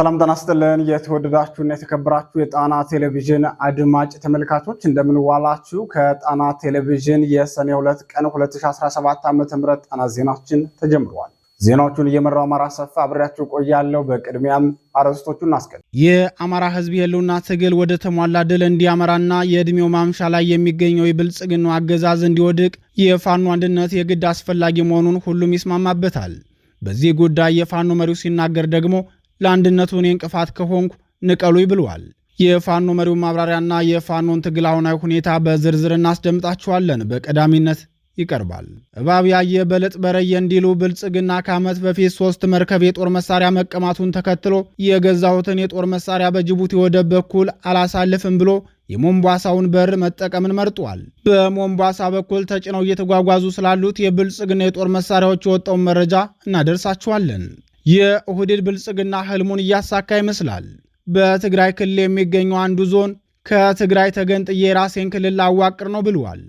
ሰላም ጤና ይስጥልን። የተወደዳችሁና የተከበራችሁ የጣና ቴሌቪዥን አድማጭ ተመልካቾች እንደምንዋላችሁ። ከጣና ቴሌቪዥን የሰኔ ሁለት ቀን 2017 ም ጣና ዜናችን ተጀምረዋል። ዜናዎቹን እየመራው አማራ ሰፋ አብሬያችሁ ቆያለሁ። በቅድሚያም አርዕስቶቹ እናስቀድም። የአማራ ሕዝብ የህልውና ትግል ወደ ተሟላ ድል እንዲያመራና የእድሜው ማምሻ ላይ የሚገኘው የብልጽግናው አገዛዝ እንዲወድቅ የፋኖ አንድነት የግድ አስፈላጊ መሆኑን ሁሉም ይስማማበታል። በዚህ ጉዳይ የፋኖ መሪው ሲናገር ደግሞ ለአንድነቱ እኔ እንቅፋት ከሆንኩ ንቀሉኝ ብለዋል። የፋኖ መሪው ማብራሪያና የፋኖን ትግል አሁናዊ ሁኔታ በዝርዝር እናስደምጣችኋለን። በቀዳሚነት ይቀርባል። እባብ ያየ በልጥ በረየ እንዲሉ ብልጽግና ከዓመት በፊት ሶስት መርከብ የጦር መሳሪያ መቀማቱን ተከትሎ የገዛሁትን የጦር መሳሪያ በጅቡቲ ወደብ በኩል አላሳልፍም ብሎ የሞምቧሳውን በር መጠቀምን መርጧል። በሞምቧሳ በኩል ተጭነው እየተጓጓዙ ስላሉት የብልጽግና የጦር መሳሪያዎች የወጣውን መረጃ እናደርሳችኋለን። የኦህዴድ ብልጽግና ህልሙን እያሳካ ይመስላል። በትግራይ ክልል የሚገኘው አንዱ ዞን ከትግራይ ተገንጥዬ የራሴን ክልል ላዋቅር ነው ብሏል።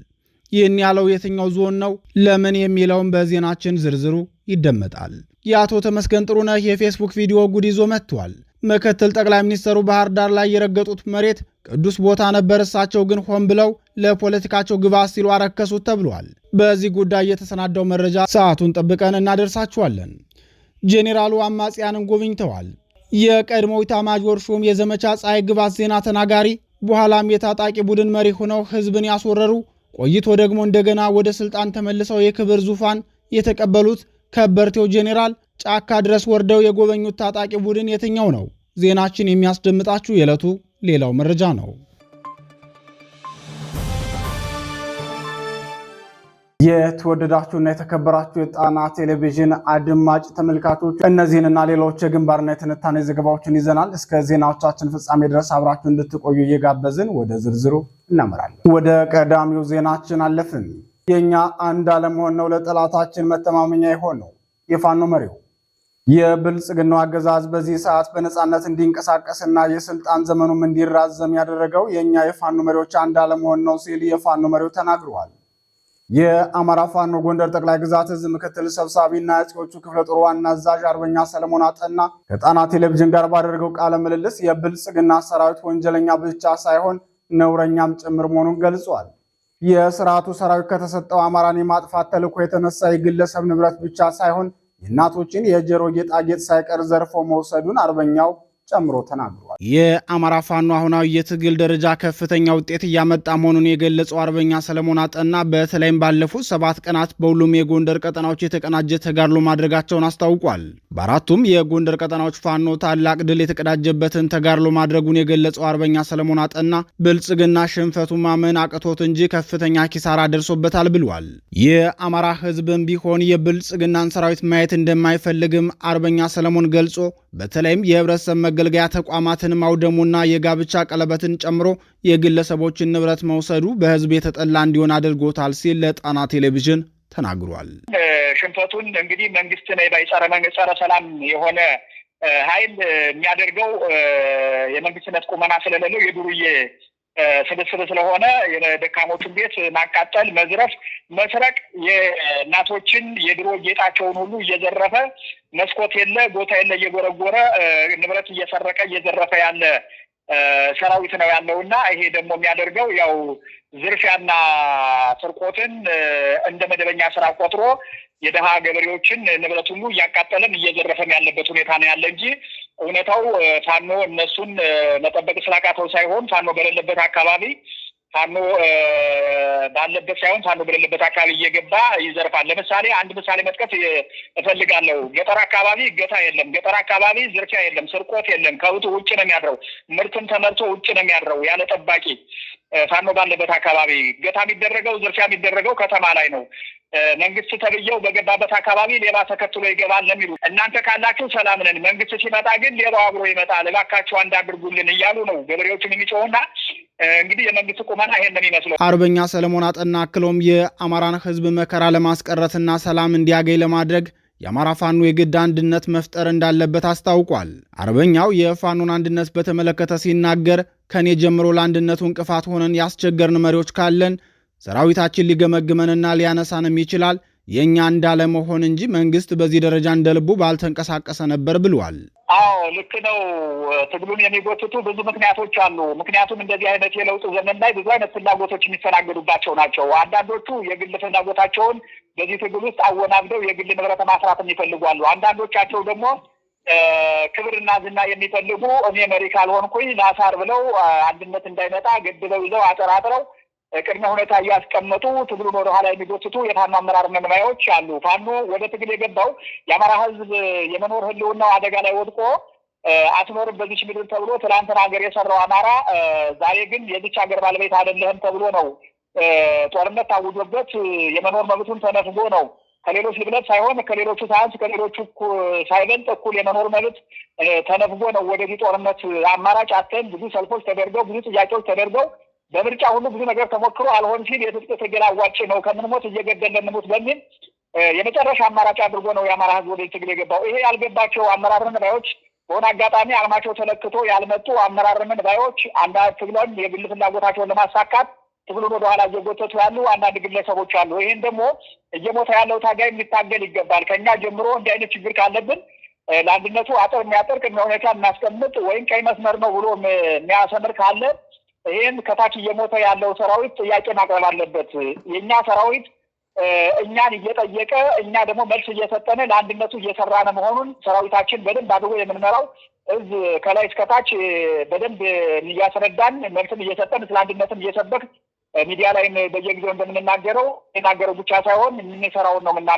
ይህን ያለው የትኛው ዞን ነው ለምን የሚለውን በዜናችን ዝርዝሩ ይደመጣል። የአቶ ተመስገን ጥሩነህ የፌስቡክ ቪዲዮ ጉድ ይዞ መጥቷል። ምክትል ጠቅላይ ሚኒስትሩ ባህር ዳር ላይ የረገጡት መሬት ቅዱስ ቦታ ነበር፣ እሳቸው ግን ሆን ብለው ለፖለቲካቸው ግብዓት ሲሉ አረከሱት ተብሏል። በዚህ ጉዳይ የተሰናዳው መረጃ ሰዓቱን ጠብቀን እናደርሳችኋለን። ጄኔራሉ አማጽያንን ጎብኝተዋል። የቀድሞ ኢታማዦር ሹም የዘመቻ ፀሐይ ግባት ዜና ተናጋሪ በኋላም የታጣቂ ቡድን መሪ ሆነው ህዝብን ያስወረሩ ቆይቶ ደግሞ እንደገና ወደ ስልጣን ተመልሰው የክብር ዙፋን የተቀበሉት ከበርቴው ጄኔራል ጫካ ድረስ ወርደው የጎበኙት ታጣቂ ቡድን የትኛው ነው? ዜናችን የሚያስደምጣችሁ የዕለቱ ሌላው መረጃ ነው። የተወደዳችሁና የተከበራችሁ የጣና ቴሌቪዥን አድማጭ ተመልካቾች እነዚህንና ሌሎች የግንባርና የትንታኔ ዘገባዎችን ይዘናል። እስከ ዜናዎቻችን ፍጻሜ ድረስ አብራችሁ እንድትቆዩ እየጋበዝን ወደ ዝርዝሩ እናመራለን። ወደ ቀዳሚው ዜናችን አለፍን። የእኛ አንድ አለመሆን ነው ለጠላታችን መተማመኛ የሆነው የፋኖ መሪው የብልጽግናው አገዛዝ በዚህ ሰዓት በነፃነት እንዲንቀሳቀስና የስልጣን ዘመኑም እንዲራዘም ያደረገው የእኛ የፋኖ መሪዎች አንድ አለመሆን ነው ሲል የፋኖ መሪው ተናግረዋል። የአማራ ፋኖ ጎንደር ጠቅላይ ግዛት እዝ ምክትል ሰብሳቢ እና የአፄዎቹ ክፍለ ጦር ዋና አዛዥ አርበኛ ሰለሞን አጠና ከጣና ቴሌቪዥን ጋር ባደረገው ቃለ ምልልስ የብልጽግና ሰራዊት ወንጀለኛ ብቻ ሳይሆን ነውረኛም ጭምር መሆኑን ገልጿል። የስርዓቱ ሰራዊት ከተሰጠው አማራን የማጥፋት ተልዕኮ የተነሳ የግለሰብ ንብረት ብቻ ሳይሆን የእናቶችን የጆሮ ጌጣጌጥ ሳይቀር ዘርፎ መውሰዱን አርበኛው ጨምሮ ተናግሯል። የአማራ ፋኖ አሁናዊ የትግል ደረጃ ከፍተኛ ውጤት እያመጣ መሆኑን የገለጸው አርበኛ ሰለሞን አጠና በተለይም ባለፉት ሰባት ቀናት በሁሉም የጎንደር ቀጠናዎች የተቀናጀ ተጋድሎ ማድረጋቸውን አስታውቋል። በአራቱም የጎንደር ቀጠናዎች ፋኖ ታላቅ ድል የተቀዳጀበትን ተጋድሎ ማድረጉን የገለጸው አርበኛ ሰለሞን አጠና ብልጽግና ሽንፈቱ ማመን አቅቶት እንጂ ከፍተኛ ኪሳራ ደርሶበታል ብሏል። የአማራ ህዝብም ቢሆን የብልጽግናን ሰራዊት ማየት እንደማይፈልግም አርበኛ ሰለሞን ገልጾ በተለይም የህብረተሰብ መገልገያ ተቋማትን ማውደሙና የጋብቻ ቀለበትን ጨምሮ የግለሰቦችን ንብረት መውሰዱ በህዝብ የተጠላ እንዲሆን አድርጎታል ሲል ለጣና ቴሌቪዥን ተናግሯል። ሽንፈቱን እንግዲህ መንግስት መንግስት ጸረ ሰላም የሆነ ኃይል የሚያደርገው የመንግስትነት ቁመና ስለሌለው የዱርዬ ስብስብ ስለሆነ የደካሞቹን ቤት ማቃጠል፣ መዝረፍ፣ መስረቅ፣ የእናቶችን የድሮ ጌጣቸውን ሁሉ እየዘረፈ መስኮት የለ ቦታ የለ እየጎረጎረ ንብረት እየሰረቀ እየዘረፈ ያለ ሰራዊት ነው ያለው እና ይሄ ደግሞ የሚያደርገው ያው ዝርፊያና ስርቆትን እንደ መደበኛ ስራ ቆጥሮ የደሃ ገበሬዎችን ንብረት ሁሉ እያቃጠለን እየዘረፈም ያለበት ሁኔታ ነው ያለ እንጂ እውነታው ፋኖ እነሱን መጠበቅ ስላቃተው ሳይሆን ፋኖ በሌለበት አካባቢ ፋኖ ባለበት ሳይሆን ፋኖ በሌለበት አካባቢ እየገባ ይዘርፋል። ለምሳሌ አንድ ምሳሌ መጥቀስ እፈልጋለሁ። ገጠር አካባቢ እገታ የለም፣ ገጠር አካባቢ ዝርፊያ የለም፣ ስርቆት የለም። ከውጡ ውጭ ነው የሚያድረው። ምርትን ተመርቶ ውጭ ነው የሚያድረው ያለ ጠባቂ። ፋኖ ባለበት አካባቢ እገታ የሚደረገው ዝርፊያ የሚደረገው ከተማ ላይ ነው። መንግስት ተብዬው በገባበት አካባቢ ሌባ ተከትሎ ይገባል ነው የሚሉ። እናንተ ካላችሁ ሰላም ነን፣ መንግስት ሲመጣ ግን ሌባው አብሮ ይመጣል፣ እባካችሁ አንድ አድርጉልን እያሉ ነው ገበሬዎችን የሚጮሁና እንግዲህ የመንግስት ቁመና ይሄንን ይመስላል። አርበኛ ሰለሞን አጠና አክሎም የአማራን ህዝብ መከራ ለማስቀረትና ሰላም እንዲያገኝ ለማድረግ የአማራ ፋኖ የግድ አንድነት መፍጠር እንዳለበት አስታውቋል። አርበኛው የፋኖን አንድነት በተመለከተ ሲናገር ከእኔ ጀምሮ ለአንድነቱ እንቅፋት ሆነን ያስቸገርን መሪዎች ካለን ሰራዊታችን ሊገመግመንና ሊያነሳንም ይችላል። የእኛ እንዳለመሆን እንጂ መንግስት በዚህ ደረጃ እንደልቡ ባልተንቀሳቀሰ ነበር ብሏል። አዎ ልክ ነው። ትግሉን የሚጎትቱ ብዙ ምክንያቶች አሉ። ምክንያቱም እንደዚህ አይነት የለውጥ ዘመን ላይ ብዙ አይነት ፍላጎቶች የሚስተናገዱባቸው ናቸው። አንዳንዶቹ የግል ፍላጎታቸውን በዚህ ትግል ውስጥ አወናብደው የግል ንብረት ማስራትም ይፈልጓሉ። አንዳንዶቻቸው ደግሞ ክብርና ዝና የሚፈልጉ እኔ መሪ ካልሆንኩኝ ላሳር ብለው አንድነት እንዳይመጣ ገድበው ይዘው አጠራጥረው ቅድመ ሁኔታ እያስቀመጡ ትግሉን ወደ ኋላ የሚጎትቱ የፋኖ አመራር መንማዮች አሉ። ፋኖ ወደ ትግል የገባው የአማራ ሕዝብ የመኖር ህልውናው አደጋ ላይ ወድቆ አትኖርም በዚች ምድር ተብሎ ትላንትና ሀገር የሰራው አማራ ዛሬ ግን የዚች ሀገር ባለቤት አይደለህም ተብሎ ነው ጦርነት ታውጆበት የመኖር መብቱን ተነፍጎ ነው ከሌሎች ልብለት ሳይሆን ከሌሎቹ ሳያንስ ከሌሎቹ ሳይበልጥ እኩል የመኖር መብት ተነፍጎ ነው ወደዚህ ጦርነት አማራጭ አተን ብዙ ሰልፎች ተደርገው ብዙ ጥያቄዎች ተደርገው በምርጫ ሁሉ ብዙ ነገር ተሞክሮ አልሆን ሲል የትጥቅ ትግል አዋጭ ነው፣ ከምንሞት እየገደል ለንሞት በሚል የመጨረሻ አማራጭ አድርጎ ነው የአማራ ህዝብ ወደ ትግል የገባው። ይሄ ያልገባቸው አመራርን ባዮች በሆነ አጋጣሚ አልማቸው ተለክቶ ያልመጡ አመራርምን ባዮች አንዳንድ ትግለን የግል ፍላጎታቸውን ለማሳካት ትግሉን ወደኋላ እየጎተቱ ያሉ አንዳንድ ግለሰቦች አሉ። ይህን ደግሞ እየሞተ ያለው ታጋይ የሚታገል ይገባል። ከኛ ጀምሮ እንዲህ አይነት ችግር ካለብን ለአንድነቱ አጥር የሚያጠር ቅድመ ሁኔታ የሚያስቀምጥ ወይም ቀይ መስመር ነው ብሎ የሚያሰምር ካለ ይህም ከታች እየሞተ ያለው ሰራዊት ጥያቄ ማቅረብ አለበት። የእኛ ሰራዊት እኛን እየጠየቀ እኛ ደግሞ መልስ እየሰጠን ለአንድነቱ እየሰራን መሆኑን ሰራዊታችን በደንብ አድርጎ የምንመራው እዝ ከላይ እስከታች በደንብ እያስረዳን መልስም እየሰጠን ስለ አንድነትም እየሰበክ ሚዲያ ላይም በየጊዜው እንደምንናገረው የናገረው ብቻ ሳይሆን የምንሰራውን ነው ምና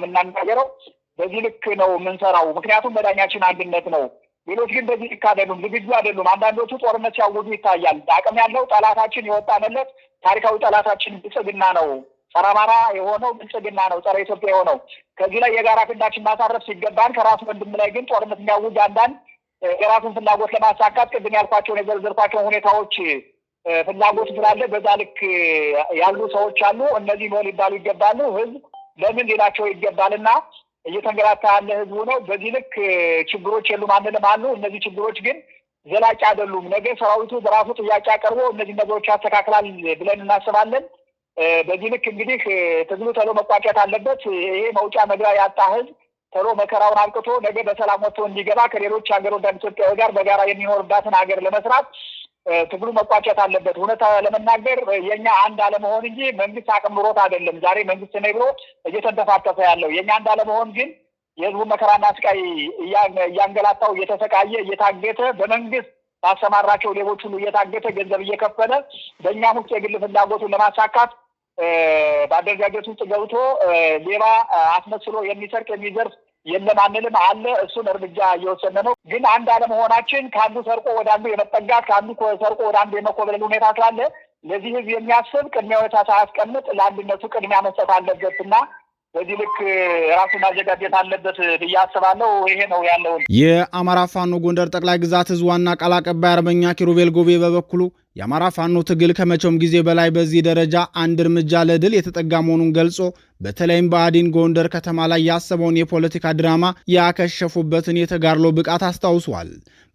በዚህ ልክ ነው የምንሰራው። ምክንያቱም መዳኛችን አንድነት ነው። ሌሎች ግን በዚህ ልክ አይደሉም፣ ዝግጁ አይደሉም። አንዳንዶቹ ጦርነት ሲያውጁ ይታያል። አቅም ያለው ጠላታችን የወጣንለት ታሪካዊ ጠላታችን ብልጽግና ነው። ጸረ አማራ የሆነው ብልጽግና ነው፣ ጸረ ኢትዮጵያ የሆነው ከዚህ ላይ የጋራ ክንዳችን ማሳረፍ ሲገባን ከራሱ ወንድም ላይ ግን ጦርነት የሚያውጅ አንዳንድ የራሱን ፍላጎት ለማሳካት ቅድም ያልኳቸውን የዘርዘርኳቸውን ሁኔታዎች ፍላጎት ስላለ በዛ ልክ ያሉ ሰዎች አሉ። እነዚህ ነው ሊባሉ ይገባሉ። ህዝብ ለምን ሌላቸው ይገባልና እየተንገላታ ያለ ህዝቡ ነው። በዚህ ልክ ችግሮች የሉም አንልም አሉ። እነዚህ ችግሮች ግን ዘላቂ አይደሉም። ነገ ሰራዊቱ በራሱ ጥያቄ አቀርቦ እነዚህ ነገሮች ያስተካክላል ብለን እናስባለን። በዚህ ልክ እንግዲህ ትግሉ ተሎ መቋጨት አለበት። ይሄ መውጫ መግቢያ ያጣ ህዝብ ተሎ መከራውን አብቅቶ ነገ በሰላም ወጥቶ እንዲገባ ከሌሎች ሀገሮች ኢትዮጵያ ጋር በጋራ የሚኖርባትን ሀገር ለመስራት ትግሉ መቋጨት አለበት። እውነት ለመናገር የኛ አንድ አለመሆን እንጂ መንግስት አቅም ኑሮት አይደለም። ዛሬ መንግስት ነኝ ብሎ እየተንተፋተፈ ያለው የኛ አንድ አለመሆን ግን የህዝቡ መከራና ስቃይ እያንገላታው እየተሰቃየ እየታገተ በመንግስት ባሰማራቸው ሌቦች ሁሉ እየታገተ ገንዘብ እየከፈለ በእኛም ውስጥ የግል ፍላጎቱን ለማሳካት በአደረጃጀት ውስጥ ገብቶ ሌባ አስመስሎ የሚሰርቅ የሚዘርፍ የለም አንልም፣ አለ። እሱን እርምጃ እየወሰነ ነው። ግን አንድ አለመሆናችን ከአንዱ ሰርቆ ወደ አንዱ የመጠጋት ከአንዱ ሰርቆ ወደ አንዱ የመኮበለል ሁኔታ ስላለ ለዚህ ህዝብ የሚያስብ ቅድሚያ ሁኔታ ሳያስቀምጥ ለአንድነቱ ቅድሚያ መስጠት አለበት እና በዚህ ልክ ራሱን ማዘጋጀት አለበት ብዬ አስባለሁ። ይሄ ነው ያለውን የአማራ ፋኖ ጎንደር ጠቅላይ ግዛት ህዝብ ዋና ቃል አቀባይ አርበኛ ኪሩቤል ጎቤ በበኩሉ የአማራ ፋኖ ትግል ከመቼውም ጊዜ በላይ በዚህ ደረጃ አንድ እርምጃ ለድል የተጠጋ መሆኑን ገልጾ በተለይም በአዲን ጎንደር ከተማ ላይ ያሰበውን የፖለቲካ ድራማ ያከሸፉበትን የተጋድሎ ብቃት አስታውሷል።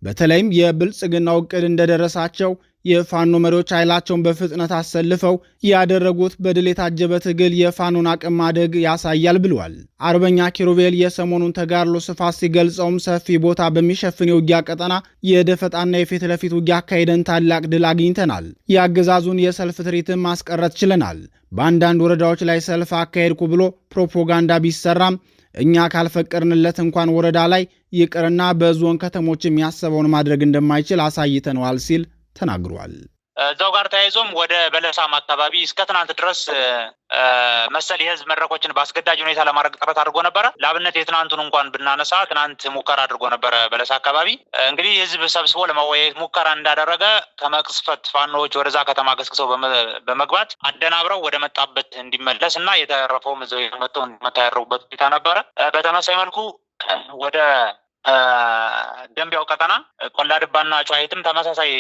በተለይም የብልጽግናው ዕቅድ እንደደረሳቸው የፋኖ መሪዎች ኃይላቸውን በፍጥነት አሰልፈው ያደረጉት በድል የታጀበ ትግል የፋኖን አቅም ማደግ ያሳያል ብለዋል። አርበኛ ኪሩቤል የሰሞኑን ተጋድሎ ስፋት ሲገልጸውም ሰፊ ቦታ በሚሸፍን የውጊያ ቀጠና የደፈጣና የፊት ለፊት ውጊያ አካሄደን ታላቅ ድል አግኝተናል። የአገዛዙን የሰልፍ ትርኢትን ማስቀረት ችለናል። በአንዳንድ ወረዳዎች ላይ ሰልፍ አካሄድኩ ብሎ ፕሮፓጋንዳ ቢሰራም እኛ ካልፈቀድንለት እንኳን ወረዳ ላይ ይቅርና በዞን ከተሞች የሚያሰበውን ማድረግ እንደማይችል አሳይተነዋል ሲል ተናግሯል። እዛው ጋር ተያይዞም ወደ በለሳም አካባቢ እስከ ትናንት ድረስ መሰል የህዝብ መድረኮችን በአስገዳጅ ሁኔታ ለማድረግ ጥረት አድርጎ ነበረ። ለአብነት የትናንቱን እንኳን ብናነሳ ትናንት ሙከራ አድርጎ ነበረ። በለሳ አካባቢ እንግዲህ ህዝብ ሰብስቦ ለመወያየት ሙከራ እንዳደረገ ከመቅስፈት ፋኖዎች ወደዛ ከተማ ገስግሰው በመግባት አደናብረው ወደ መጣበት እንዲመለስ እና የተረፈውም እዛው መጥተው እንዲመታ ያደረጉበት ሁኔታ ነበረ። በተመሳይ መልኩ ወደ ደንቢያው ቀጠና ቆላ ድባና ጨዋሂትም ተመሳሳይ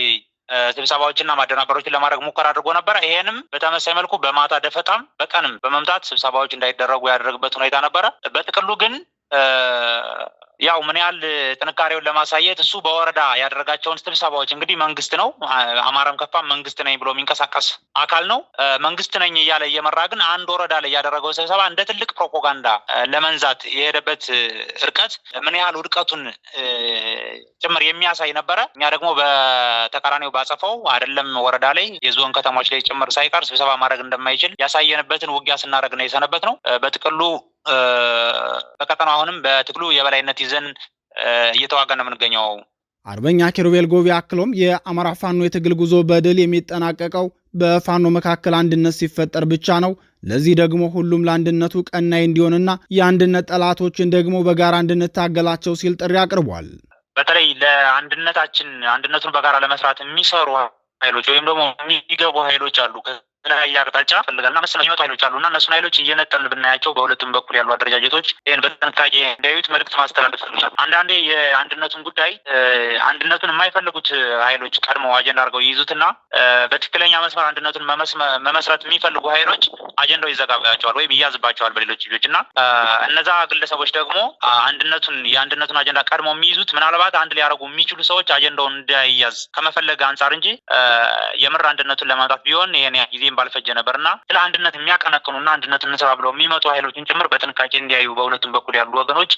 ስብሰባዎችና ማደናበሮችን ለማድረግ ሙከራ አድርጎ ነበረ። ይሄንም በተመሳይ መልኩ በማታ ደፈጣም በቀንም በመምታት ስብሰባዎች እንዳይደረጉ ያደረግበት ሁኔታ ነበረ። በጥቅሉ ግን ያው ምን ያህል ጥንካሬውን ለማሳየት እሱ በወረዳ ያደረጋቸውን ስብሰባዎች እንግዲህ መንግስት ነው አማራም ከፋም መንግስት ነኝ ብሎ የሚንቀሳቀስ አካል ነው። መንግስት ነኝ እያለ እየመራ ግን አንድ ወረዳ ላይ ያደረገው ስብሰባ እንደ ትልቅ ፕሮፓጋንዳ ለመንዛት የሄደበት እርቀት ምን ያህል ውድቀቱን ጭምር የሚያሳይ ነበረ። እኛ ደግሞ በተቃራኒው ባጸፈው አይደለም ወረዳ ላይ የዞን ከተሞች ላይ ጭምር ሳይቀር ስብሰባ ማድረግ እንደማይችል ያሳየንበትን ውጊያ ስናደረግ ነው የሰነበት ነው። በጥቅሉ በቀጠናው አሁንም በትግሉ የበላይነት ይዘን እየተዋጋ ነው የምንገኘው። አርበኛ ኪሩቤል ጎቢ አክሎም የአማራ ፋኖ የትግል ጉዞ በድል የሚጠናቀቀው በፋኖ መካከል አንድነት ሲፈጠር ብቻ ነው። ለዚህ ደግሞ ሁሉም ለአንድነቱ ቀናይ እንዲሆንና የአንድነት ጠላቶችን ደግሞ በጋራ እንድንታገላቸው ሲል ጥሪ አቅርቧል። በተለይ ለአንድነታችን አንድነቱን በጋራ ለመስራት የሚሰሩ ኃይሎች ወይም ደግሞ የሚገቡ ኃይሎች አሉ። በተለያየ አቅጣጫ እና መሰል የሚመጡ ኃይሎች አሉ እና እነሱን ኃይሎች እየነጠልን ብናያቸው በሁለቱም በኩል ያሉ አደረጃጀቶች ይህን በጥንቃቄ እንዳዩት መልዕክት ማስተላለፍ ፈልጋል። አንዳንዴ የአንድነቱን ጉዳይ አንድነቱን የማይፈልጉት ኃይሎች ቀድሞ አጀንዳ አድርገው ይይዙትና በትክክለኛ መስመር አንድነቱን መመስረት የሚፈልጉ ኃይሎች አጀንዳው ይዘጋባቸዋል ወይም ይያዝባቸዋል በሌሎች ልጆች እና እነዛ ግለሰቦች ደግሞ አንድነቱን የአንድነቱን አጀንዳ ቀድሞ የሚይዙት ምናልባት አንድ ሊያደርጉ የሚችሉ ሰዎች አጀንዳውን እንዳይያዝ ከመፈለግ አንጻር እንጂ የምር አንድነቱን ለማምጣት ቢሆን ይህን ጊዜ ባልፈጀ ነበር እና ስለ አንድነት የሚያቀነቅኑና አንድነት እንስራ ብለው የሚመጡ ኃይሎችን ጭምር በጥንቃቄ እንዲያዩ በሁለቱም በኩል ያሉ ወገኖች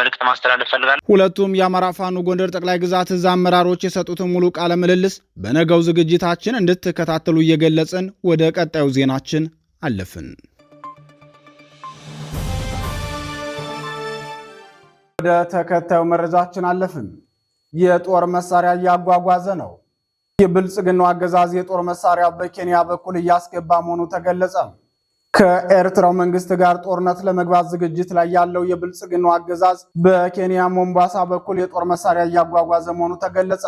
መልእክት ማስተላለፍ ፈልጋለሁ። ሁለቱም የአማራ ፋኖ ጎንደር ጠቅላይ ግዛት እዝ አመራሮች የሰጡትን ሙሉ ቃለ ምልልስ በነገው ዝግጅታችን እንድትከታተሉ እየገለጽን ወደ ቀጣዩ ዜናችን አለፍን። ወደ ተከታዩ መረጃችን አለፍን። የጦር መሳሪያ እያጓጓዘ ነው። የብልጽግናው አገዛዝ የጦር መሳሪያ በኬንያ በኩል እያስገባ መሆኑ ተገለጸ። ከኤርትራው መንግስት ጋር ጦርነት ለመግባት ዝግጅት ላይ ያለው የብልጽግናው አገዛዝ በኬንያ ሞምባሳ በኩል የጦር መሳሪያ እያጓጓዘ መሆኑ ተገለጸ።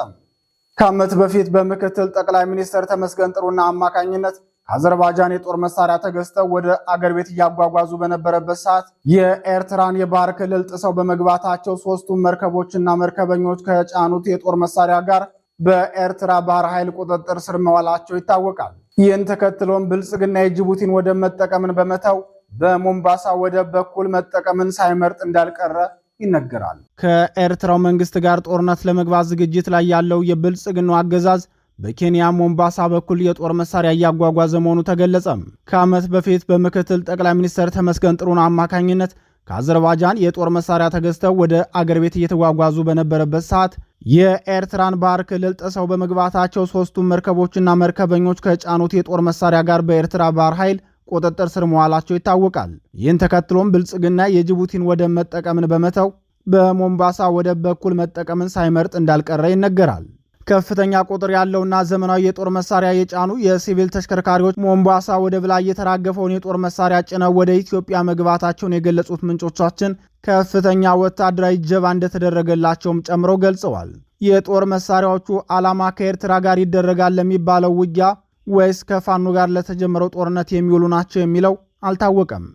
ከዓመት በፊት በምክትል ጠቅላይ ሚኒስትር ተመስገን ጥሩና አማካኝነት ከአዘርባይጃን የጦር መሳሪያ ተገዝተው ወደ አገር ቤት እያጓጓዙ በነበረበት ሰዓት የኤርትራን የባህር ክልል ጥሰው በመግባታቸው ሶስቱም መርከቦችና መርከበኞች ከጫኑት የጦር መሳሪያ ጋር በኤርትራ ባህር ኃይል ቁጥጥር ስር መዋላቸው ይታወቃል። ይህን ተከትሎም ብልጽግና የጅቡቲን ወደብ መጠቀምን በመተው በሞምባሳ ወደብ በኩል መጠቀምን ሳይመርጥ እንዳልቀረ ይነገራል። ከኤርትራው መንግስት ጋር ጦርነት ለመግባት ዝግጅት ላይ ያለው የብልጽግናው አገዛዝ በኬንያ ሞምባሳ በኩል የጦር መሳሪያ እያጓጓዘ መሆኑ ተገለጸም። ከዓመት በፊት በምክትል ጠቅላይ ሚኒስትር ተመስገን ጥሩነህ አማካኝነት ከአዘርባጃን የጦር መሳሪያ ተገዝተው ወደ አገር ቤት እየተጓጓዙ በነበረበት ሰዓት የኤርትራን ባህር ክልል ጥሰው በመግባታቸው ሶስቱም መርከቦችና መርከበኞች ከጫኑት የጦር መሳሪያ ጋር በኤርትራ ባህር ኃይል ቁጥጥር ስር መዋላቸው ይታወቃል። ይህን ተከትሎም ብልጽግና የጅቡቲን ወደብ መጠቀምን በመተው በሞምባሳ ወደብ በኩል መጠቀምን ሳይመርጥ እንዳልቀረ ይነገራል። ከፍተኛ ቁጥር ያለውና ዘመናዊ የጦር መሳሪያ የጫኑ የሲቪል ተሽከርካሪዎች ሞምባሳ ወደብ ላይ የተራገፈውን የጦር መሳሪያ ጭነው ወደ ኢትዮጵያ መግባታቸውን የገለጹት ምንጮቻችን ከፍተኛ ወታደራዊ ጀባ እንደተደረገላቸውም ጨምረው ገልጸዋል። የጦር መሳሪያዎቹ ዓላማ ከኤርትራ ጋር ይደረጋል ለሚባለው ውጊያ ወይስ ከፋኖ ጋር ለተጀመረው ጦርነት የሚውሉ ናቸው የሚለው አልታወቀም።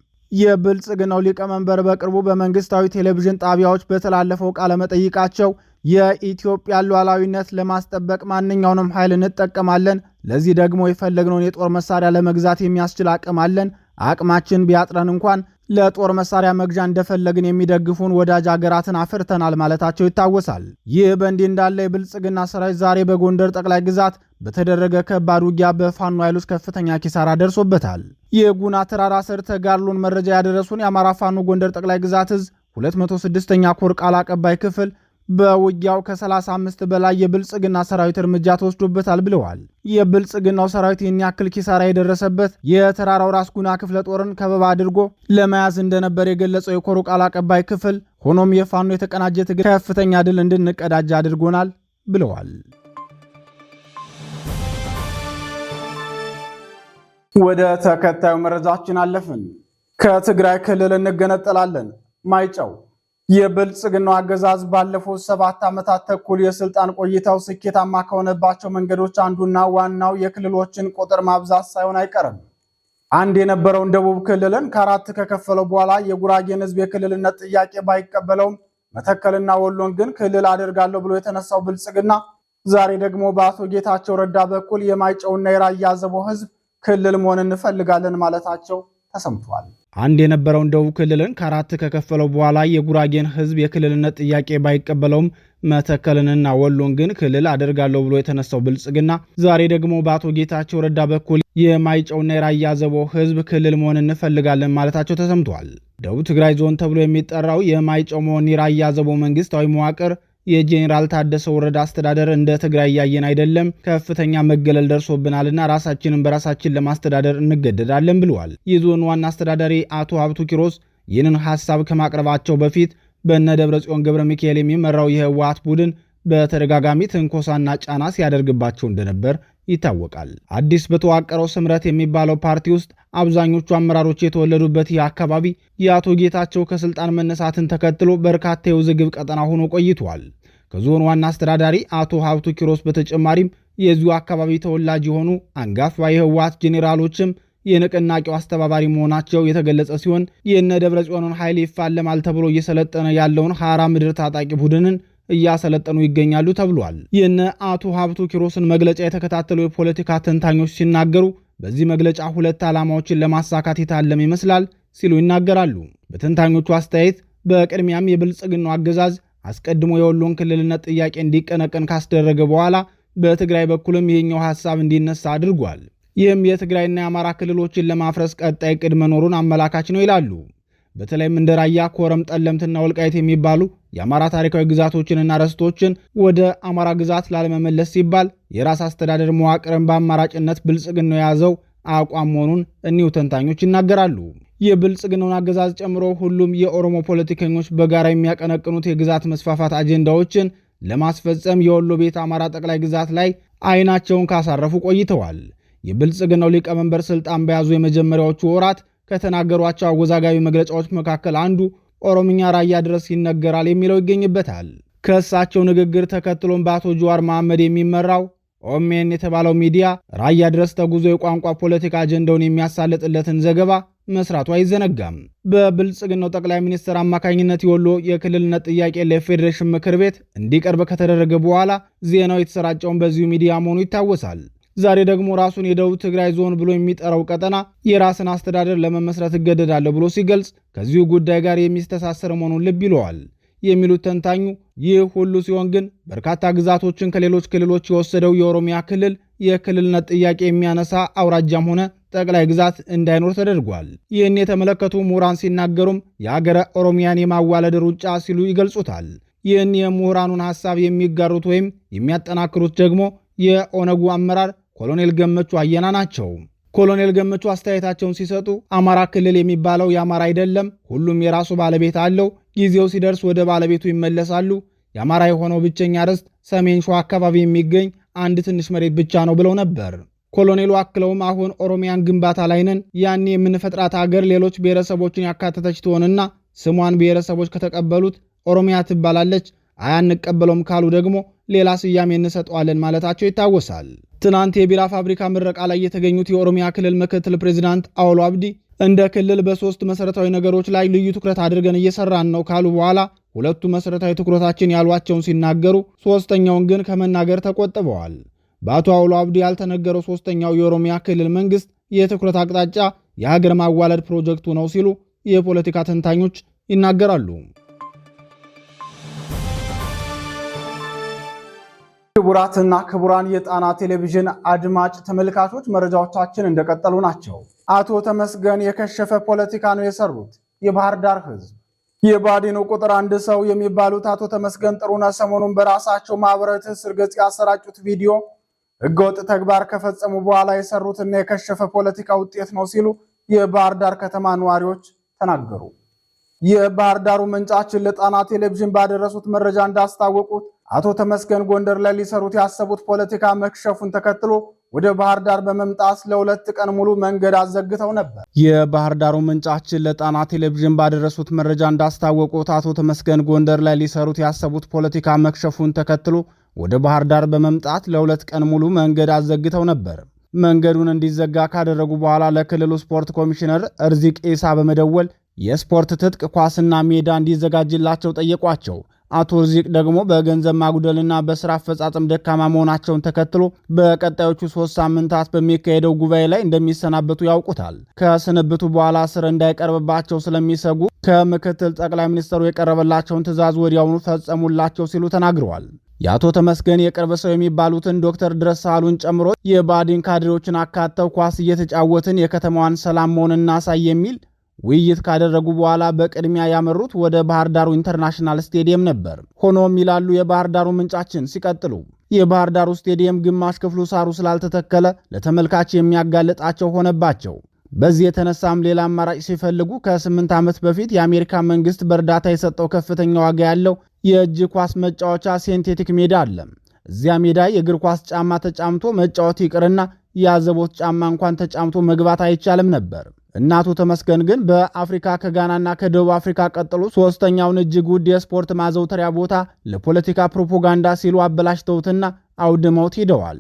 የብልጽግናው ሊቀመንበር በቅርቡ በመንግስታዊ ቴሌቪዥን ጣቢያዎች በተላለፈው ቃለመጠይቃቸው የኢትዮጵያ ሉዓላዊነት ለማስጠበቅ ማንኛውንም ኃይል እንጠቀማለን። ለዚህ ደግሞ የፈለግነውን የጦር መሳሪያ ለመግዛት የሚያስችል አቅም አለን። አቅማችን ቢያጥረን እንኳን ለጦር መሳሪያ መግዣ እንደፈለግን የሚደግፉን ወዳጅ አገራትን አፍርተናል ማለታቸው ይታወሳል። ይህ በእንዲህ እንዳለ የብልጽግና ሰራዊት ዛሬ በጎንደር ጠቅላይ ግዛት በተደረገ ከባድ ውጊያ በፋኖ ኃይሎች ከፍተኛ ኪሳራ ደርሶበታል። የጉና ተራራ ስር ተጋድሎን መረጃ ያደረሱን የአማራ ፋኖ ጎንደር ጠቅላይ ግዛት እዝ 206ኛ ኮር ቃል አቀባይ ክፍል በውጊያው ከ35 በላይ የብልጽግና ሰራዊት እርምጃ ተወስዶበታል ብለዋል። የብልጽግናው ሰራዊት ይህን ያክል ኪሳራ የደረሰበት የተራራው ራስ ጉና ክፍለ ጦርን ከበባ አድርጎ ለመያዝ እንደነበር የገለጸው የኮሩ ቃል አቀባይ ክፍል፣ ሆኖም የፋኖ የተቀናጀ ትግል ከፍተኛ ድል እንድንቀዳጅ አድርጎናል ብለዋል። ወደ ተከታዩ መረጃችን አለፍን። ከትግራይ ክልል እንገነጠላለን ማይጨው የብልጽግናው አገዛዝ ባለፉት ሰባት ዓመታት ተኩል የስልጣን ቆይታው ስኬታማ ከሆነባቸው መንገዶች አንዱና ዋናው የክልሎችን ቁጥር ማብዛት ሳይሆን አይቀርም። አንድ የነበረውን ደቡብ ክልልን ከአራት ከከፈለው በኋላ የጉራጌን ሕዝብ የክልልነት ጥያቄ ባይቀበለውም መተከልና ወሎን ግን ክልል አደርጋለሁ ብሎ የተነሳው ብልጽግና ዛሬ ደግሞ በአቶ ጌታቸው ረዳ በኩል የማይጨውና የራያ አዘቦ ሕዝብ ክልል መሆን እንፈልጋለን ማለታቸው ተሰምቷል። አንድ የነበረውን ደቡብ ክልልን ከአራት ከከፈለው በኋላ የጉራጌን ህዝብ የክልልነት ጥያቄ ባይቀበለውም መተከልንና ወሎን ግን ክልል አደርጋለሁ ብሎ የተነሳው ብልጽግና ዛሬ ደግሞ በአቶ ጌታቸው ረዳ በኩል የማይጨውና የራያ ዘቦ ህዝብ ክልል መሆን እንፈልጋለን ማለታቸው ተሰምቷል። ደቡብ ትግራይ ዞን ተብሎ የሚጠራው የማይጨው መሆን የራያ ዘቦ መንግስታዊ መዋቅር የጄኔራል ታደሰ ወረዳ አስተዳደር እንደ ትግራይ እያየን አይደለም፣ ከፍተኛ መገለል ደርሶብናልና ራሳችንን በራሳችን ለማስተዳደር እንገደዳለን ብለዋል። የዞኑ ዋና አስተዳዳሪ አቶ ሀብቱ ኪሮስ ይህንን ሀሳብ ከማቅረባቸው በፊት በእነ ደብረ ጽዮን ገብረ ሚካኤል የሚመራው የህወሓት ቡድን በተደጋጋሚ ትንኮሳና ጫና ሲያደርግባቸው እንደነበር ይታወቃል። አዲስ በተዋቀረው ስምረት የሚባለው ፓርቲ ውስጥ አብዛኞቹ አመራሮች የተወለዱበት ይህ አካባቢ የአቶ ጌታቸው ከስልጣን መነሳትን ተከትሎ በርካታ የውዝግብ ቀጠና ሆኖ ቆይቷል። ከዞን ዋና አስተዳዳሪ አቶ ሀብቱ ኪሮስ በተጨማሪም የዚሁ አካባቢ ተወላጅ የሆኑ አንጋፋ የህወሓት ጄኔራሎችም የንቅናቄው አስተባባሪ መሆናቸው የተገለጸ ሲሆን የእነ ደብረ ጽዮንን ኃይል ይፋለማል ተብሎ እየሰለጠነ ያለውን ሐራ ምድር ታጣቂ ቡድንን እያሰለጠኑ ይገኛሉ ተብሏል። ይህን አቶ ሀብቱ ኪሮስን መግለጫ የተከታተሉ የፖለቲካ ተንታኞች ሲናገሩ በዚህ መግለጫ ሁለት ዓላማዎችን ለማሳካት የታለም ይመስላል ሲሉ ይናገራሉ። በተንታኞቹ አስተያየት በቅድሚያም የብልጽግናው አገዛዝ አስቀድሞ የወሎን ክልልነት ጥያቄ እንዲቀነቀን ካስደረገ በኋላ በትግራይ በኩልም ይህኛው ሐሳብ እንዲነሳ አድርጓል። ይህም የትግራይና የአማራ ክልሎችን ለማፍረስ ቀጣይ ቅድ መኖሩን አመላካች ነው ይላሉ። በተለይም እንደ ራያ፣ ኮረም፣ ጠለምትና ወልቃይት የሚባሉ የአማራ ታሪካዊ ግዛቶችንና ረስቶችን ወደ አማራ ግዛት ላለመመለስ ሲባል የራስ አስተዳደር መዋቅርን በአማራጭነት ብልጽግናው የያዘው አቋም መሆኑን እኒሁ ተንታኞች ይናገራሉ። የብልጽግናውን አገዛዝ ጨምሮ ሁሉም የኦሮሞ ፖለቲከኞች በጋራ የሚያቀነቅኑት የግዛት መስፋፋት አጀንዳዎችን ለማስፈጸም የወሎ ቤት አማራ ጠቅላይ ግዛት ላይ አይናቸውን ካሳረፉ ቆይተዋል። የብልጽግናው ሊቀመንበር ስልጣን በያዙ የመጀመሪያዎቹ ወራት ከተናገሯቸው አወዛጋቢ መግለጫዎች መካከል አንዱ ኦሮምኛ ራያ ድረስ ይነገራል የሚለው ይገኝበታል። ከእሳቸው ንግግር ተከትሎም በአቶ ጀዋር መሐመድ የሚመራው ኦሜን የተባለው ሚዲያ ራያ ድረስ ተጉዞ የቋንቋ ፖለቲካ አጀንዳውን የሚያሳልጥለትን ዘገባ መስራቱ አይዘነጋም። በብልጽግናው ጠቅላይ ሚኒስትር አማካኝነት የወሎ የክልልነት ጥያቄ ለፌዴሬሽን ምክር ቤት እንዲቀርብ ከተደረገ በኋላ ዜናው የተሰራጨውን በዚሁ ሚዲያ መሆኑ ይታወሳል። ዛሬ ደግሞ ራሱን የደቡብ ትግራይ ዞን ብሎ የሚጠራው ቀጠና የራስን አስተዳደር ለመመስረት እገደዳለሁ ብሎ ሲገልጽ ከዚሁ ጉዳይ ጋር የሚስተሳሰር መሆኑን ልብ ይለዋል የሚሉት ተንታኙ ይህ ሁሉ ሲሆን ግን በርካታ ግዛቶችን ከሌሎች ክልሎች የወሰደው የኦሮሚያ ክልል የክልልነት ጥያቄ የሚያነሳ አውራጃም ሆነ ጠቅላይ ግዛት እንዳይኖር ተደርጓል። ይህን የተመለከቱ ምሁራን ሲናገሩም የአገረ ኦሮሚያን የማዋለድ ሩጫ ሲሉ ይገልጹታል። ይህን የምሁራኑን ሐሳብ የሚጋሩት ወይም የሚያጠናክሩት ደግሞ የኦነጉ አመራር ኮሎኔል ገመቹ አየና ናቸው። ኮሎኔል ገመቹ አስተያየታቸውን ሲሰጡ አማራ ክልል የሚባለው የአማራ አይደለም፣ ሁሉም የራሱ ባለቤት አለው። ጊዜው ሲደርስ ወደ ባለቤቱ ይመለሳሉ። የአማራ የሆነው ብቸኛ ርስት ሰሜን ሸዋ አካባቢ የሚገኝ አንድ ትንሽ መሬት ብቻ ነው ብለው ነበር። ኮሎኔሉ አክለውም አሁን ኦሮሚያን ግንባታ ላይ ነን፣ ያኔ የምንፈጥራት አገር ሌሎች ብሔረሰቦችን ያካተተች ትሆንና ስሟን ብሔረሰቦች ከተቀበሉት ኦሮሚያ ትባላለች፣ አያንቀበለውም ካሉ ደግሞ ሌላ ስያሜ እንሰጠዋለን ማለታቸው ይታወሳል። ትናንት የቢራ ፋብሪካ ምረቃ ላይ የተገኙት የኦሮሚያ ክልል ምክትል ፕሬዚዳንት አውሎ አብዲ እንደ ክልል በሶስት መሰረታዊ ነገሮች ላይ ልዩ ትኩረት አድርገን እየሰራን ነው ካሉ በኋላ ሁለቱ መሰረታዊ ትኩረታችን ያሏቸውን ሲናገሩ ሶስተኛውን ግን ከመናገር ተቆጥበዋል። በአቶ አውሎ አብዲ ያልተነገረው ሶስተኛው የኦሮሚያ ክልል መንግስት የትኩረት አቅጣጫ የሀገር ማዋለድ ፕሮጀክቱ ነው ሲሉ የፖለቲካ ተንታኞች ይናገራሉ። ክቡራትና ክቡራን የጣና ቴሌቪዥን አድማጭ ተመልካቾች መረጃዎቻችን እንደቀጠሉ ናቸው። አቶ ተመስገን የከሸፈ ፖለቲካ ነው የሰሩት የባህር ዳር ህዝብ። የባዴኑ ቁጥር አንድ ሰው የሚባሉት አቶ ተመስገን ጥሩነ ሰሞኑን በራሳቸው ማህበራዊ ትስስር ገጽ ያሰራጩት ቪዲዮ ህገወጥ ተግባር ከፈጸሙ በኋላ የሰሩትና የከሸፈ ፖለቲካ ውጤት ነው ሲሉ የባህር ዳር ከተማ ነዋሪዎች ተናገሩ። የባህር ዳሩ ምንጫችን ለጣና ቴሌቪዥን ባደረሱት መረጃ እንዳስታወቁት አቶ ተመስገን ጎንደር ላይ ሊሰሩት ያሰቡት ፖለቲካ መክሸፉን ተከትሎ ወደ ባህር ዳር በመምጣት ለሁለት ቀን ሙሉ መንገድ አዘግተው ነበር። የባህር ዳሩ ምንጫችን ለጣና ቴሌቪዥን ባደረሱት መረጃ እንዳስታወቁት አቶ ተመስገን ጎንደር ላይ ሊሰሩት ያሰቡት ፖለቲካ መክሸፉን ተከትሎ ወደ ባህር ዳር በመምጣት ለሁለት ቀን ሙሉ መንገድ አዘግተው ነበር። መንገዱን እንዲዘጋ ካደረጉ በኋላ ለክልሉ ስፖርት ኮሚሽነር እርዚቅ ኢሳ በመደወል የስፖርት ትጥቅ ኳስና ሜዳ እንዲዘጋጅላቸው ጠየቋቸው። አቶ ርዚቅ ደግሞ በገንዘብ ማጉደልና በስራ አፈጻጸም ደካማ መሆናቸውን ተከትሎ በቀጣዮቹ ሶስት ሳምንታት በሚካሄደው ጉባኤ ላይ እንደሚሰናበቱ ያውቁታል። ከስንብቱ በኋላ ስር እንዳይቀርብባቸው ስለሚሰጉ ከምክትል ጠቅላይ ሚኒስትሩ የቀረበላቸውን ትዕዛዝ ወዲያውኑ ፈጸሙላቸው ሲሉ ተናግረዋል። የአቶ ተመስገን የቅርብ ሰው የሚባሉትን ዶክተር ድረሳሉን ጨምሮ የባዲን ካድሬዎችን አካተው ኳስ እየተጫወትን የከተማዋን ሰላም መሆን እናሳይ የሚል ውይይት ካደረጉ በኋላ በቅድሚያ ያመሩት ወደ ባህር ዳሩ ኢንተርናሽናል ስቴዲየም ነበር። ሆኖም ይላሉ የባህር ዳሩ ምንጫችን ሲቀጥሉ የባህር ዳሩ ስቴዲየም ግማሽ ክፍሉ ሳሩ ስላልተተከለ ለተመልካች የሚያጋልጣቸው ሆነባቸው። በዚህ የተነሳም ሌላ አማራጭ ሲፈልጉ ከስምንት ዓመት በፊት የአሜሪካ መንግስት በእርዳታ የሰጠው ከፍተኛ ዋጋ ያለው የእጅ ኳስ መጫወቻ ሴንቴቲክ ሜዳ አለ። እዚያ ሜዳ የእግር ኳስ ጫማ ተጫምቶ መጫወት ይቅርና የአዘቦት ጫማ እንኳን ተጫምቶ መግባት አይቻልም ነበር። እናቱ ተመስገን ግን በአፍሪካ ከጋናና ከደቡብ አፍሪካ ቀጥሎ ሶስተኛውን እጅግ ውድ የስፖርት ማዘውተሪያ ቦታ ለፖለቲካ ፕሮፓጋንዳ ሲሉ አበላሽተውትና አውድመውት ሂደዋል።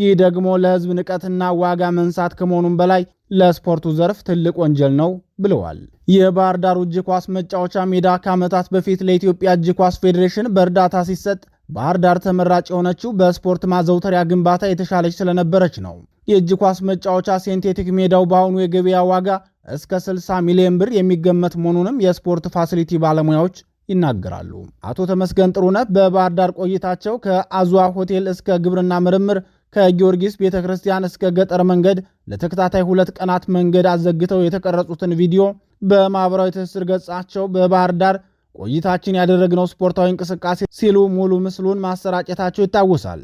ይህ ደግሞ ለሕዝብ ንቀትና ዋጋ መንሳት ከመሆኑም በላይ ለስፖርቱ ዘርፍ ትልቅ ወንጀል ነው ብለዋል። የባህር ዳሩ እጅ ኳስ መጫወቻ ሜዳ ከዓመታት በፊት ለኢትዮጵያ እጅ ኳስ ፌዴሬሽን በእርዳታ ሲሰጥ ባህር ዳር ተመራጭ የሆነችው በስፖርት ማዘውተሪያ ግንባታ የተሻለች ስለነበረች ነው። የእጅ ኳስ መጫወቻ ሴንቴቲክ ሜዳው በአሁኑ የገበያ ዋጋ እስከ 60 ሚሊዮን ብር የሚገመት መሆኑንም የስፖርት ፋሲሊቲ ባለሙያዎች ይናገራሉ። አቶ ተመስገን ጥሩነት በባህር ዳር ቆይታቸው ከአዝዋ ሆቴል እስከ ግብርና ምርምር ከጊዮርጊስ ቤተ ክርስቲያን እስከ ገጠር መንገድ ለተከታታይ ሁለት ቀናት መንገድ አዘግተው የተቀረጹትን ቪዲዮ በማኅበራዊ ትስስር ገጻቸው በባህር ዳር ቆይታችን ያደረግነው ስፖርታዊ እንቅስቃሴ ሲሉ ሙሉ ምስሉን ማሰራጨታቸው ይታወሳል።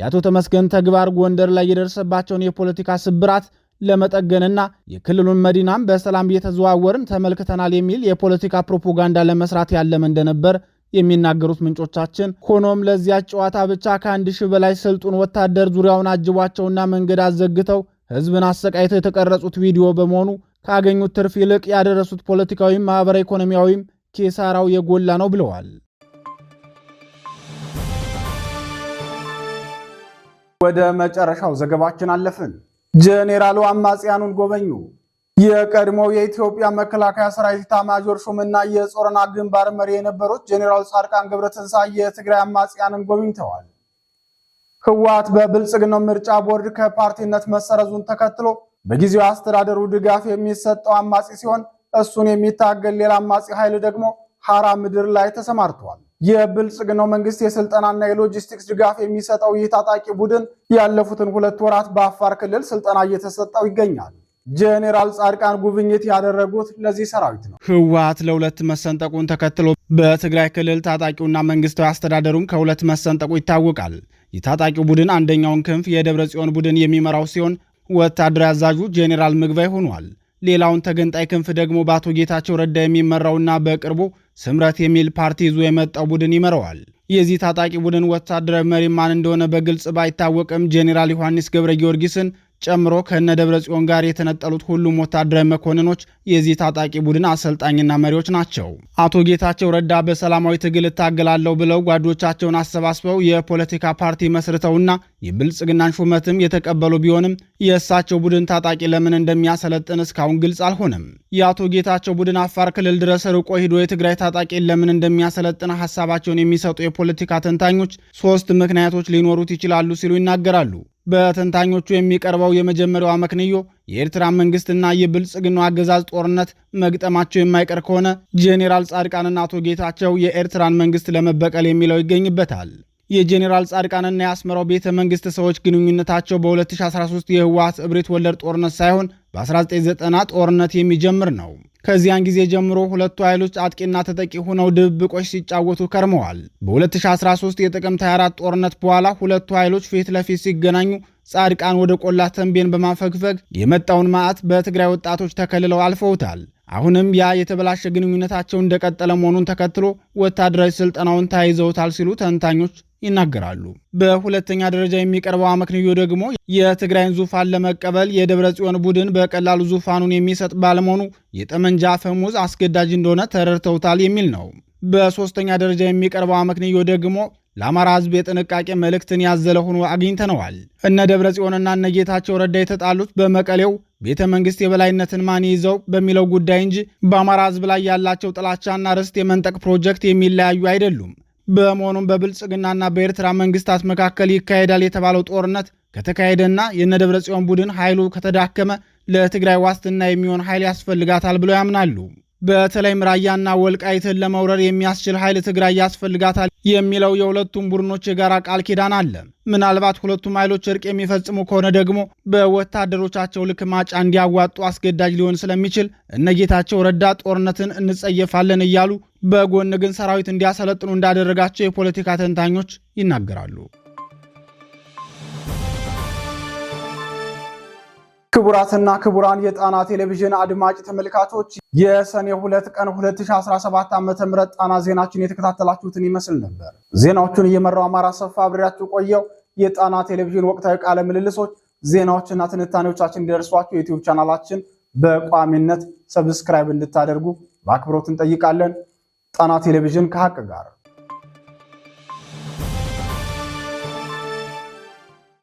የአቶ ተመስገን ተግባር ጎንደር ላይ የደረሰባቸውን የፖለቲካ ስብራት ለመጠገንና የክልሉን መዲናም በሰላም እየተዘዋወርን ተመልክተናል የሚል የፖለቲካ ፕሮፓጋንዳ ለመስራት ያለመ እንደነበር የሚናገሩት ምንጮቻችን፣ ሆኖም ለዚያ ጨዋታ ብቻ ከአንድ ሺህ በላይ ስልጡን ወታደር ዙሪያውን አጅቧቸውና መንገድ አዘግተው ህዝብን አሰቃይተው የተቀረጹት ቪዲዮ በመሆኑ ካገኙት ትርፍ ይልቅ ያደረሱት ፖለቲካዊም ማኅበራዊ ኢኮኖሚያዊም ኪሳራው የጎላ ነው ብለዋል። ወደ መጨረሻው ዘገባችን አለፍን። ጄኔራሉ አማጽያኑን ጎበኙ። የቀድሞው የኢትዮጵያ መከላከያ ሰራዊት ኤታማዦር ሹምና የጾረና ግንባር መሪ የነበሩት ጄኔራል ጻድቃን ገብረትንሳኤ የትግራይ አማጽያንን ጎብኝተዋል። ህወሓት በብልጽግናው ምርጫ ቦርድ ከፓርቲነት መሰረዙን ተከትሎ በጊዜው አስተዳደሩ ድጋፍ የሚሰጠው አማጺ ሲሆን እሱን የሚታገል ሌላ አማጺ ኃይል ደግሞ ሐራ ምድር ላይ ተሰማርተዋል። የብልጽግናው መንግስት የስልጠናና የሎጂስቲክስ ድጋፍ የሚሰጠው ይህ ታጣቂ ቡድን ያለፉትን ሁለት ወራት በአፋር ክልል ስልጠና እየተሰጠው ይገኛል። ጄኔራል ጻድቃን ጉብኝት ያደረጉት ለዚህ ሰራዊት ነው። ህወሓት ለሁለት መሰንጠቁን ተከትሎ በትግራይ ክልል ታጣቂውና መንግስታዊ አስተዳደሩም ከሁለት መሰንጠቁ ይታወቃል። የታጣቂው ቡድን አንደኛውን ክንፍ የደብረ ጽዮን ቡድን የሚመራው ሲሆን ወታደራዊ አዛዡ ጄኔራል ምግባይ ሆኗል። ሌላውን ተገንጣይ ክንፍ ደግሞ በአቶ ጌታቸው ረዳ የሚመራውና በቅርቡ ስምረት የሚል ፓርቲ ይዞ የመጣው ቡድን ይመረዋል። የዚህ ታጣቂ ቡድን ወታደራዊ መሪ ማን እንደሆነ በግልጽ ባይታወቅም ጄኔራል ዮሐንስ ገብረ ጊዮርጊስን ጨምሮ ከነ ደብረ ጽዮን ጋር የተነጠሉት ሁሉም ወታደራዊ መኮንኖች የዚህ ታጣቂ ቡድን አሰልጣኝና መሪዎች ናቸው። አቶ ጌታቸው ረዳ በሰላማዊ ትግል እታገላለሁ ብለው ጓዶቻቸውን አሰባስበው የፖለቲካ ፓርቲ መስርተውና የብልጽግናን ሹመትም የተቀበሉ ቢሆንም የእሳቸው ቡድን ታጣቂ ለምን እንደሚያሰለጥን እስካሁን ግልጽ አልሆነም። የአቶ ጌታቸው ቡድን አፋር ክልል ድረስ ርቆ ሂዶ የትግራይ ታጣቂ ለምን እንደሚያሰለጥን ሀሳባቸውን የሚሰጡ የፖለቲካ ተንታኞች ሶስት ምክንያቶች ሊኖሩት ይችላሉ ሲሉ ይናገራሉ። በተንታኞቹ የሚቀርበው የመጀመሪያው አመክንዮ የኤርትራ መንግስትና የብልጽግናው አገዛዝ ጦርነት መግጠማቸው የማይቀር ከሆነ ጄኔራል ጻድቃንና አቶ ጌታቸው የኤርትራን መንግስት ለመበቀል የሚለው ይገኝበታል። የጄኔራል ጻድቃንና የአስመራው ቤተ መንግስት ሰዎች ግንኙነታቸው በ2013 የህወሓት እብሪት ወለድ ጦርነት ሳይሆን በ1990 ጦርነት የሚጀምር ነው። ከዚያን ጊዜ ጀምሮ ሁለቱ ኃይሎች አጥቂና ተጠቂ ሆነው ድብብቆች ሲጫወቱ ከርመዋል። በ2013 የጥቅምት 24 ጦርነት በኋላ ሁለቱ ኃይሎች ፊት ለፊት ሲገናኙ ጻድቃን ወደ ቆላ ተንቤን በማፈግፈግ የመጣውን ማዕት በትግራይ ወጣቶች ተከልለው አልፈውታል። አሁንም ያ የተበላሸ ግንኙነታቸው እንደቀጠለ መሆኑን ተከትሎ ወታደራዊ ስልጠናውን ተያይዘውታል ሲሉ ተንታኞች ይናገራሉ። በሁለተኛ ደረጃ የሚቀርበው አመክንዮ ደግሞ የትግራይን ዙፋን ለመቀበል የደብረ ጽዮን ቡድን በቀላሉ ዙፋኑን የሚሰጥ ባለመሆኑ የጠመንጃ ፈሙዝ አስገዳጅ እንደሆነ ተረድተውታል የሚል ነው። በሶስተኛ ደረጃ የሚቀርበው አመክንዮ ደግሞ ለአማራ ህዝብ የጥንቃቄ መልእክትን ያዘለ ሆኖ አግኝተነዋል። እነ ደብረ ጽዮንና እነ ጌታቸው ረዳ የተጣሉት በመቀሌው ቤተ መንግስት የበላይነትን ማን ይዘው በሚለው ጉዳይ እንጂ በአማራ ህዝብ ላይ ያላቸው ጥላቻና ርስት የመንጠቅ ፕሮጀክት የሚለያዩ አይደሉም። በመሆኑም በብልጽግናና በኤርትራ መንግስታት መካከል ይካሄዳል የተባለው ጦርነት ከተካሄደና የነ ደብረ ጽዮን ቡድን ኃይሉ ከተዳከመ ለትግራይ ዋስትና የሚሆን ኃይል ያስፈልጋታል ብለው ያምናሉ። በተለይም ራያና ወልቃይትን ለመውረር የሚያስችል ኃይል ትግራይ ያስፈልጋታል የሚለው የሁለቱም ቡድኖች የጋራ ቃል ኪዳን አለ። ምናልባት ሁለቱም ኃይሎች እርቅ የሚፈጽሙ ከሆነ ደግሞ በወታደሮቻቸው ልክ ማጫ እንዲያዋጡ አስገዳጅ ሊሆን ስለሚችል እነጌታቸው ረዳ ጦርነትን እንጸየፋለን እያሉ በጎን ግን ሰራዊት እንዲያሰለጥኑ እንዳደረጋቸው የፖለቲካ ተንታኞች ይናገራሉ። ክቡራትና ክቡራን የጣና ቴሌቪዥን አድማጭ ተመልካቾች የሰኔ ሁለት ቀን 2017 ዓ.ም ጣና ዜናችን የተከታተላችሁትን ይመስል ነበር። ዜናዎቹን እየመራው አማራ ሰፋ አብሬያችሁ ቆየው። የጣና ቴሌቪዥን ወቅታዊ ቃለ ምልልሶች፣ ዜናዎችና ትንታኔዎቻችን እንዲደርሷቸው የዩቲዩብ ቻናላችን በቋሚነት ሰብስክራይብ እንድታደርጉ በአክብሮት እንጠይቃለን። ጣና ቴሌቪዥን ከሀቅ ጋር